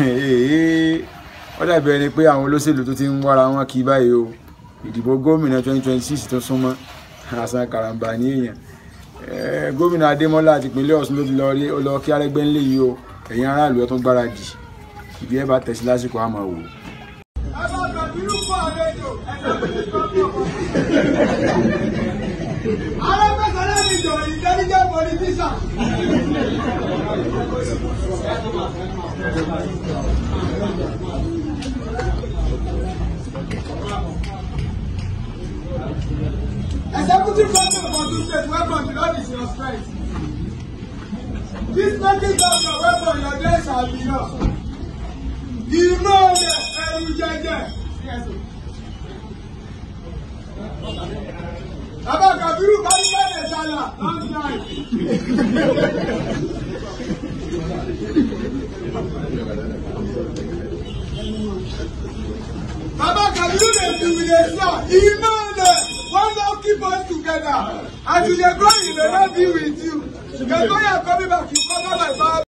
ó dàbí ẹni pé àwọn olóṣèlú tó ti ń wára wọn kí báyìí o ìdìbò gómìnà 2026 tó súnmọ́ àṣà karambà ní èèyàn eh, gómìnà adémọ́lá àti ìpínlẹ̀ ọ̀ṣun ló ti lọ rí lọ kí arẹ́gbẹ́ńlẹ̀ yìí o ẹ̀yin aráàlú ẹ̀ tó gbáradì ìbí ẹ̀ bá tẹ̀sí lásìkò àmọ́ wò. Arẹ́gbẹ́sọ̀rẹ́ mi jọ intelligent politician. Executive Governor of Osun State, welcome to God is your strength. This making governor, welcome your days shall be know that every ẹ̀rù yes. Bàbá mi fire, not Baba can you dey humiliate now? Iman dey one don keep us together. And you dey grow, he may not be with you. you Kekoya coming back, you cover my back.